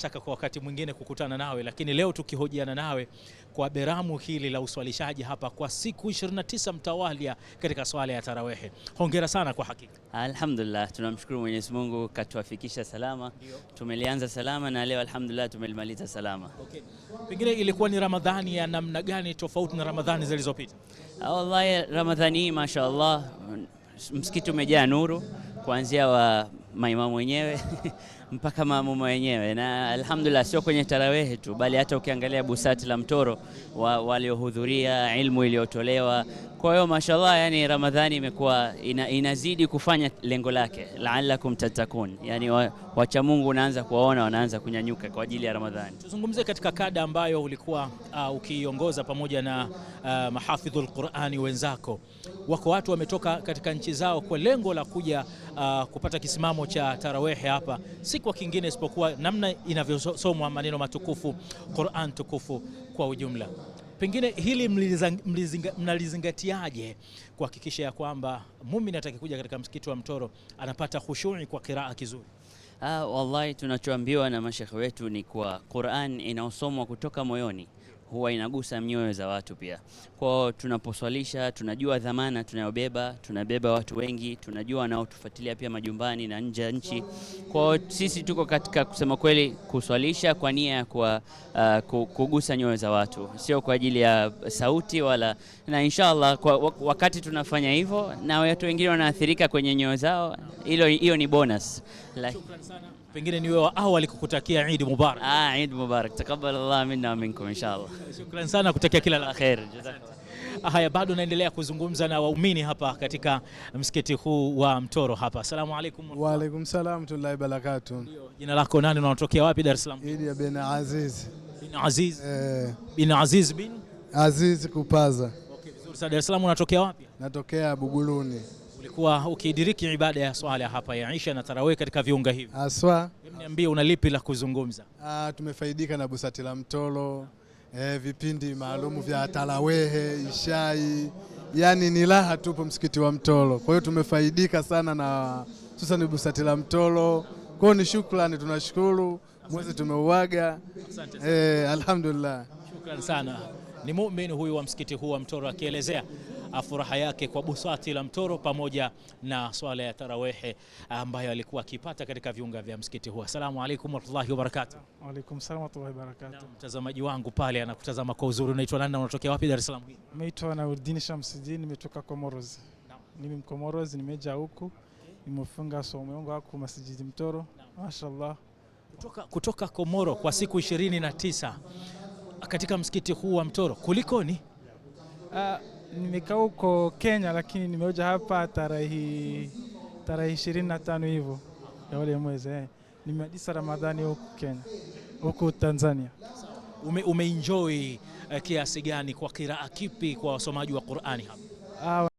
taka kwa wakati mwingine kukutana nawe, lakini leo tukihojiana nawe kwa beramu hili la uswalishaji hapa kwa siku 29 mtawalia katika swala ya tarawehe. Hongera sana kwa hakika. Alhamdulillah, tunamshukuru Mwenyezi Mungu katuafikisha salama. Tumelianza salama na leo alhamdulillah tumelimaliza salama. Okay. Pengine ilikuwa ni Ramadhani ya namna gani tofauti na Ramadhani zilizopita? Wallahi, Ramadhani hii mashaallah msikiti umejaa nuru kuanzia wa maimamu wenyewe mpaka maamuma wenyewe, na alhamdulillah, sio kwenye tarawehe tu, bali hata ukiangalia busati la mtoro wa, waliohudhuria ilmu iliyotolewa. Kwa hiyo mashallah, yani Ramadhani imekuwa ina, inazidi kufanya lengo lake, laalakum tattakun, yani wacha Mungu unaanza kuwaona wanaanza kunyanyuka kwa ajili ya Ramadhani. Tuzungumzie katika kada ambayo ulikuwa uh, ukiiongoza pamoja na uh, mahafidhul Qurani wenzako. Wako watu wametoka katika nchi zao kwa lengo la kuja uh, kupata kisimamo cha tarawehe hapa si kwa kingine isipokuwa namna inavyosomwa maneno matukufu Qur'an tukufu kwa ujumla. Pengine hili mnalizingatiaje kuhakikisha ya kwamba mumin atakikuja katika msikiti wa Mtoro anapata khushui kwa kiraa kizuri? Ah, wallahi tunachoambiwa na mashekhe wetu ni kwa Qur'an inaosomwa kutoka moyoni huwa inagusa mioyo za watu pia. Kwao tunaposwalisha, tunajua dhamana tunayobeba, tunabeba watu wengi, tunajua wanaotufuatilia pia majumbani na nje ya nchi. Kwao sisi tuko katika kusema kweli kuswalisha kwa nia ya kwa, uh, kugusa nyoyo za watu, sio kwa ajili ya sauti wala, na inshallah kwa wakati tunafanya hivyo na watu wengine wanaathirika kwenye nyoyo zao, hilo hiyo ni bonus. like, Pengine niwe wa awali kukutakia Eid Mubarak. Ah, Eid Mubarak. Taqabbal Allah minna wa minkum inshallah. Shukrani sana, kutakia kila la kheri. Haya, bado naendelea kuzungumza na waumini hapa katika msikiti huu wa Mtoro hapa. Asalamu alaykum. Wa alaykum salam tullahi barakatuh. Jina lako nani unatokea wapi Dar es Salaam? Idi bin Aziz. Bin Aziz. Eh. Bin Aziz bin Aziz kupaza. Okay, vizuri sana. Dar es Salaam unatokea wapi? Natokea Buguruni. Ulikuwa ukidiriki ibada ya swala hapa ya Isha na Tarawih katika viunga hivi. Aswa. Niambie una lipi la kuzungumza? Ah, tumefaidika na busati la Mtoro e, vipindi maalumu vya tarawehe, ishai, yani ni raha tupo msikiti wa Mtoro. Kwa hiyo tumefaidika sana na hususani busati la Mtoro. Kwa hiyo ni shukrani, tunashukuru mwezi tumeuaga. E, alhamdulillah, shukrani sana. Ni muumini huyu wa msikiti huu wa Mtoro akielezea furaha yake kwa buswati la mtoro pamoja na swala ya tarawehe ambayo alikuwa akipata katika viunga vya msikiti huu. Asalamu alaykum warahmatullahi wabarakatuh. Wa alaykum salaam warahmatullahi wabarakatuh. Mtazamaji wangu pale anakutazama kwa uzuri. Unaitwa nani na unatokea wapi Dar es Salaam? Naitwa Nauddin Shamsuddin, nimetoka Comoros. Mimi Mkomorozi, nimeja huku nimefunga somo yangu huku masjidi mtoro. Mashaallah. Kutoka, kutoka Komoro kwa siku 29 katika msikiti huu wa Mtoro kulikoni? Uh, nimekaa huko Kenya, lakini nimeoja hapa tarehe tarehe ishirini na tano hivyo ya ule mwezi eh. Nimemaliza Ramadhani huko Kenya, huko Tanzania. Ume, umeenjoy uh, kiasi gani? Kwa kiraa kipi kwa wasomaji wa Qur'ani hapa? Ah,